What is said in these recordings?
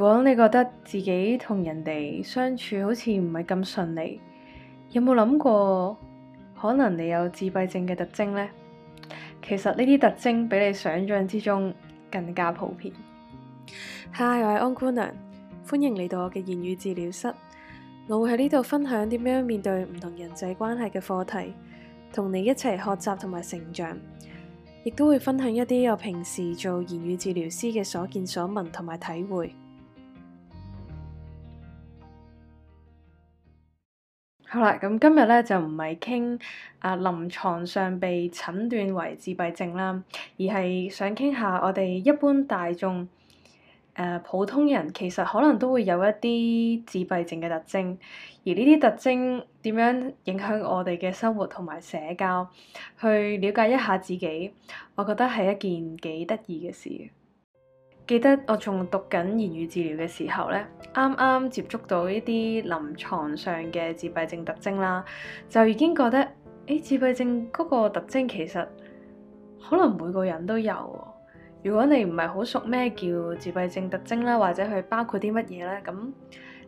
如果你覺得自己同人哋相處好似唔係咁順利，有冇諗過可能你有自閉症嘅特徵呢？其實呢啲特徵比你想象之中更加普遍。嗨，我係安姑娘，歡迎嚟到我嘅言語治療室。我會喺呢度分享點樣面對唔同人際關係嘅課題，同你一齊學習同埋成長，亦都會分享一啲我平時做言語治療師嘅所見所聞同埋體會。好啦，咁今日咧就唔係傾，啊，臨床上被診斷為自閉症啦，而係想傾下我哋一般大眾誒、啊、普通人其實可能都會有一啲自閉症嘅特徵，而呢啲特徵點樣影響我哋嘅生活同埋社交，去了解一下自己，我覺得係一件幾得意嘅事。記得我仲讀緊言語治療嘅時候咧，啱啱接觸到一啲臨床上嘅自閉症特徵啦，就已經覺得誒、欸、自閉症嗰個特徵其實可能每個人都有、哦。如果你唔係好熟咩叫自閉症特徵啦，或者佢包括啲乜嘢咧，咁誒、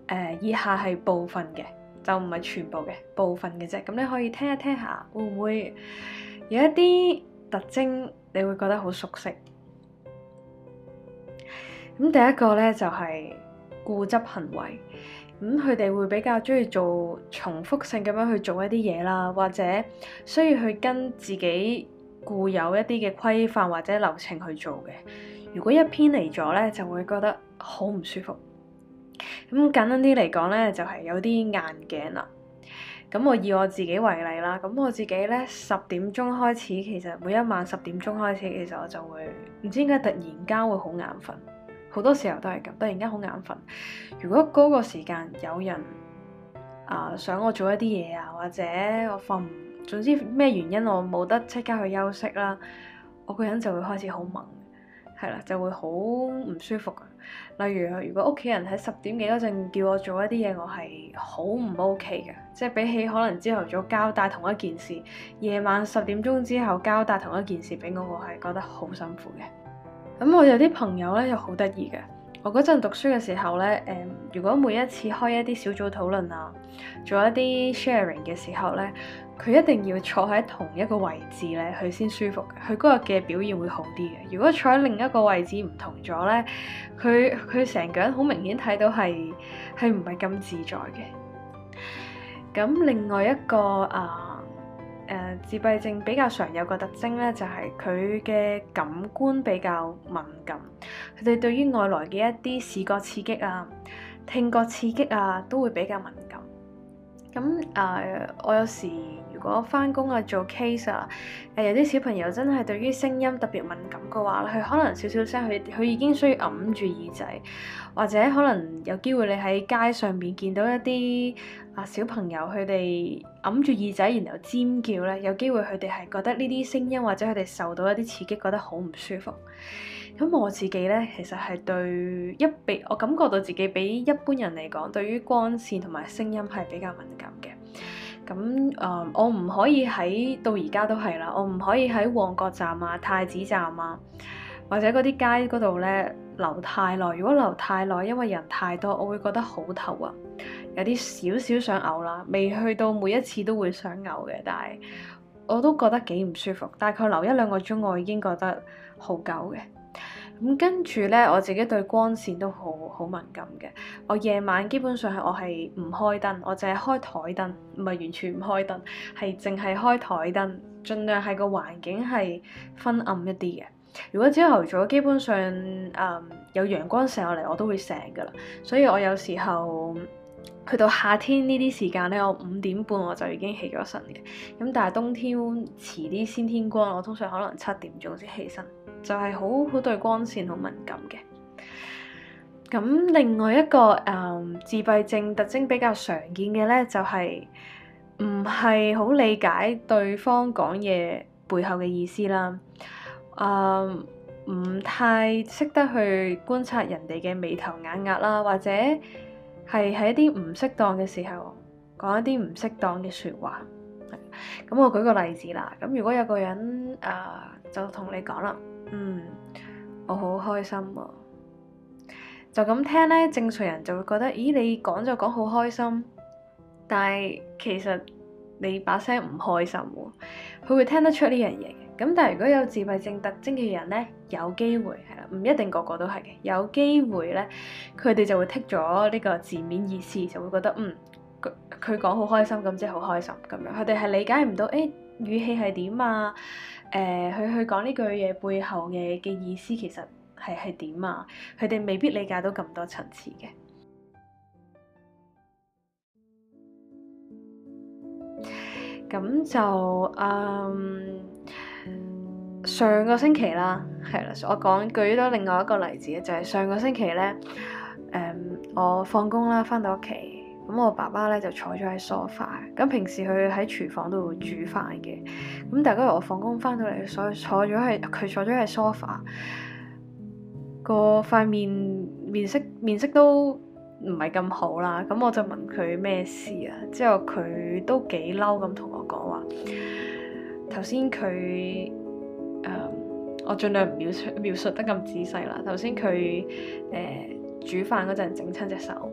呃、以下係部分嘅，就唔係全部嘅部分嘅啫。咁你可以聽一聽一下，會唔會有一啲特徵你會覺得好熟悉？咁第一個咧就係固執行為，咁佢哋會比較中意做重複性咁樣去做一啲嘢啦，或者需要去跟自己固有一啲嘅規範或者流程去做嘅。如果一偏離咗咧，就會覺得好唔舒服。咁簡單啲嚟講咧，就係有啲硬頸啦。咁我以我自己為例啦，咁我自己咧，十點鐘開始，其實每一晚十點鐘開始，其實我就會唔知點解突然間會好眼瞓。好多時候都係咁，突然間好眼瞓。如果嗰個時間有人啊、呃、想我做一啲嘢啊，或者我瞓，唔……總之咩原因我冇得即刻去休息啦，我個人就會開始好悶，係啦，就會好唔舒服嘅。例如，如果屋企人喺十點幾嗰陣叫我做一啲嘢，我係好唔 OK 嘅。即係比起可能朝頭早交代同一件事，夜晚十點鐘之後交代同一件事俾我，我係覺得好辛苦嘅。咁我有啲朋友咧，又好得意嘅。我嗰陣讀書嘅時候咧，誒，如果每一次開一啲小組討論啊，做一啲 sharing 嘅時候咧，佢一定要坐喺同一個位置咧，佢先舒服。佢嗰日嘅表現會好啲嘅。如果坐喺另一個位置唔同咗咧，佢佢成個人好明顯睇到係係唔係咁自在嘅。咁另外一個啊。誒、呃、自閉症比較常有個特徵咧，就係佢嘅感官比較敏感，佢哋對於外來嘅一啲視覺刺激啊、聽覺刺激啊，都會比較敏感。咁誒、呃，我有時。如果翻工啊做 case 啊，誒、呃、有啲小朋友真係對於聲音特別敏感嘅話，咧，佢可能少少聲，佢佢已經需要揞住耳仔，或者可能有機會你喺街上面見到一啲啊小朋友，佢哋揞住耳仔然後尖叫咧，有機會佢哋係覺得呢啲聲音或者佢哋受到一啲刺激，覺得好唔舒服。咁我自己咧，其實係對一比，我感覺到自己比一般人嚟講，對於光線同埋聲音係比較敏感嘅。咁誒、嗯，我唔可以喺到而家都係啦，我唔可以喺旺角站啊、太子站啊，或者嗰啲街嗰度咧留太耐。如果留太耐，因為人太多，我會覺得好頭暈，有啲少少想嘔啦。未去到每一次都會想嘔嘅，但係我都覺得幾唔舒服。大概留一兩個鐘，我已經覺得好夠嘅。咁跟住咧，我自己對光線都好好敏感嘅。我夜晚基本上係我係唔開燈，我淨係開台燈，唔係完全唔開燈，係淨係開台燈，盡量係個環境係昏暗一啲嘅。如果朝頭早基本上誒、嗯、有陽光射落嚟，我都會醒噶啦。所以我有時候去到夏天呢啲時間咧，我五點半我就已經起咗身嘅。咁但係冬天遲啲先天光，我通常可能七點鐘先起身。就係好好對光線好敏感嘅。咁另外一個誒、呃、自閉症特徵比較常見嘅咧，就係唔係好理解對方講嘢背後嘅意思啦。誒、呃，唔太識得去觀察人哋嘅眉頭眼壓啦，或者係喺一啲唔適當嘅時候講一啲唔適當嘅説話。咁我舉個例子啦，咁如果有個人誒、呃、就同你講啦。嗯，我好開心啊！就咁聽呢，正常人就會覺得，咦，你講就講好開心，但係其實你把聲唔開心喎，佢會聽得出呢樣嘢嘅。咁但係如果有自閉症特徵嘅人呢，有機會係啦，唔一定個個都係嘅，有機會呢，佢哋就會剔咗呢個字面意思，就會覺得，嗯，佢佢講好開心，咁即係好開心咁樣，佢哋係理解唔到，誒，語氣係點啊？誒，佢佢講呢句嘢背後嘅嘅意思其實係係點啊？佢哋未必理解到咁多層次嘅。咁 就，嗯，上個星期啦，係啦，我講舉多另外一個例子就係，是，上個星期咧，誒、嗯，我放工啦，翻到屋企。咁我爸爸咧就坐咗喺梳化，咁平時佢喺廚房度煮飯嘅，咁但係嗰日我放工翻到嚟，所以坐咗喺佢坐咗喺梳化，個塊面面色面色都唔係咁好啦。咁我就問佢咩事啊？之後佢都幾嬲咁同我講話，頭先佢誒，我盡量描述描述得咁仔細啦。頭先佢誒煮飯嗰陣整親隻手。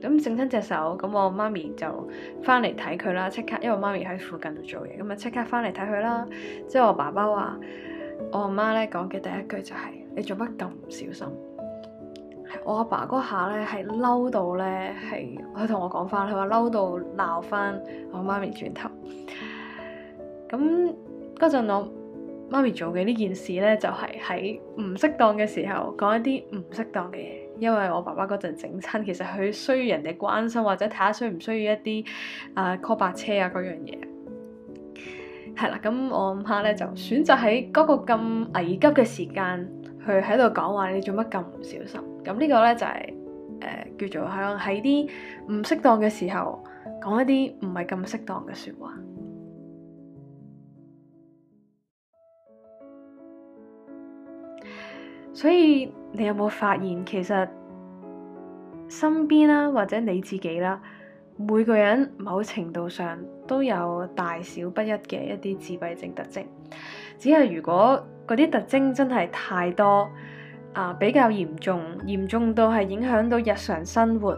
咁整親隻手，咁我媽咪就翻嚟睇佢啦，即刻，因為我媽咪喺附近度做嘢，咁啊即刻翻嚟睇佢啦。之後我爸爸話，我阿媽咧講嘅第一句就係：你做乜咁唔小心？我阿爸嗰下咧係嬲到咧係，佢同我講翻，佢話嬲到鬧翻我媽咪轉頭。咁嗰陣我媽咪做嘅呢件事咧，就係喺唔適當嘅時候講一啲唔適當嘅嘢。因為我爸爸嗰陣整親，其實佢需要人哋關心，或者睇下需唔需要一啲啊 call 白車啊嗰樣嘢，係啦，咁我媽咧就選擇喺嗰個咁危急嘅時間，佢喺度講話你做乜咁唔小心？咁呢個咧就係、是、誒、呃、叫做喺喺啲唔適當嘅時候講一啲唔係咁適當嘅説話。所以你有冇發現，其實身邊啦或者你自己啦，每個人某程度上都有大小不一嘅一啲自閉症特徵。只係如果嗰啲特徵真係太多啊、呃，比較嚴重，嚴重到係影響到日常生活，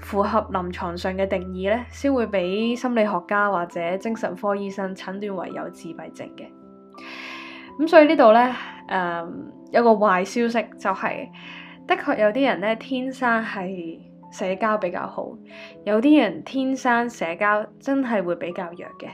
符合臨床上嘅定義呢先會俾心理學家或者精神科醫生診斷為有自閉症嘅。咁所以呢度呢。誒、嗯。有個壞消息就係、是，的確有啲人咧天生係社交比較好，有啲人天生社交真係會比較弱嘅。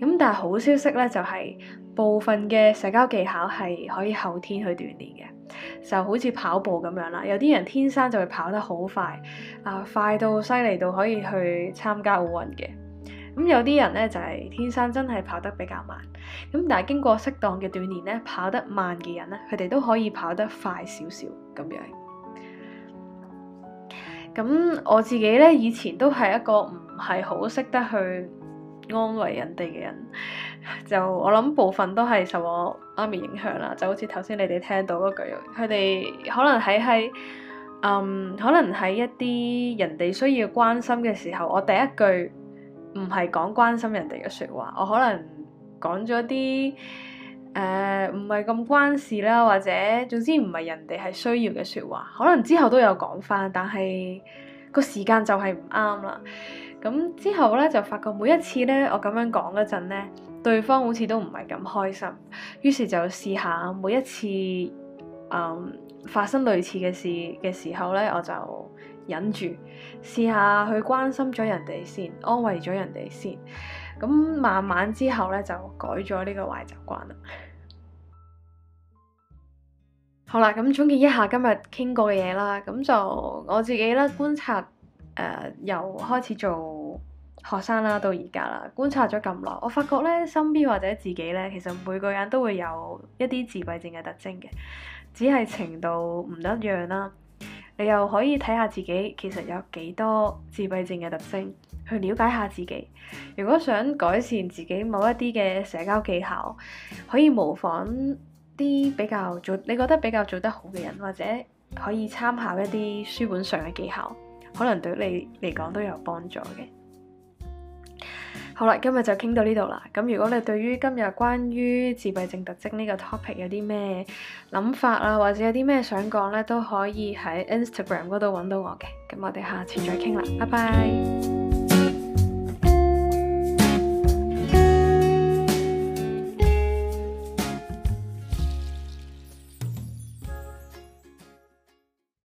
咁但係好消息咧就係、是，部分嘅社交技巧係可以後天去鍛煉嘅，就好似跑步咁樣啦。有啲人天生就會跑得好快，啊，快到犀利到可以去參加奧運嘅。咁有啲人咧就係天生真係跑得比較慢，咁但係經過適當嘅鍛煉咧，跑得慢嘅人咧，佢哋都可以跑得快少少咁樣。咁我自己咧以前都係一個唔係好識得去安慰人哋嘅人，就我諗部分都係受我媽咪影響啦，就好似頭先你哋聽到嗰句，佢哋可能喺喺，嗯，可能喺一啲人哋需要關心嘅時候，我第一句。唔係講關心人哋嘅説話，我可能講咗啲誒唔係咁關事啦，或者總之唔係人哋係需要嘅説話，可能之後都有講返，但係個時間就係唔啱啦。咁之後咧就發覺每一次咧我咁樣講嗰陣咧，對方好似都唔係咁開心，於是就試下每一次。嗯，um, 發生類似嘅事嘅時候呢，我就忍住，試下去關心咗人哋先，安慰咗人哋先，咁慢慢之後呢，就改咗呢個壞習慣啦。 好啦，咁總結一下今日傾過嘅嘢啦，咁就我自己呢觀察，誒、呃，又開始做，學生啦，到而家啦，觀察咗咁耐，我發覺咧，身邊或者自己咧，其實每個人都會有一啲自閉症嘅特徵嘅，只係程度唔一樣啦。你又可以睇下自己其實有幾多自閉症嘅特徵，去了解下自己。如果想改善自己某一啲嘅社交技巧，可以模仿啲比較做，你覺得比較做得好嘅人，或者可以參考一啲書本上嘅技巧，可能對你嚟講都有幫助嘅。好啦，今日就傾到呢度啦。咁如果你對於今日關於自閉症特徵呢個 topic 有啲咩諗法啦，或者有啲咩想講呢，都可以喺 Instagram 嗰度揾到我嘅。咁我哋下次再傾啦，拜拜。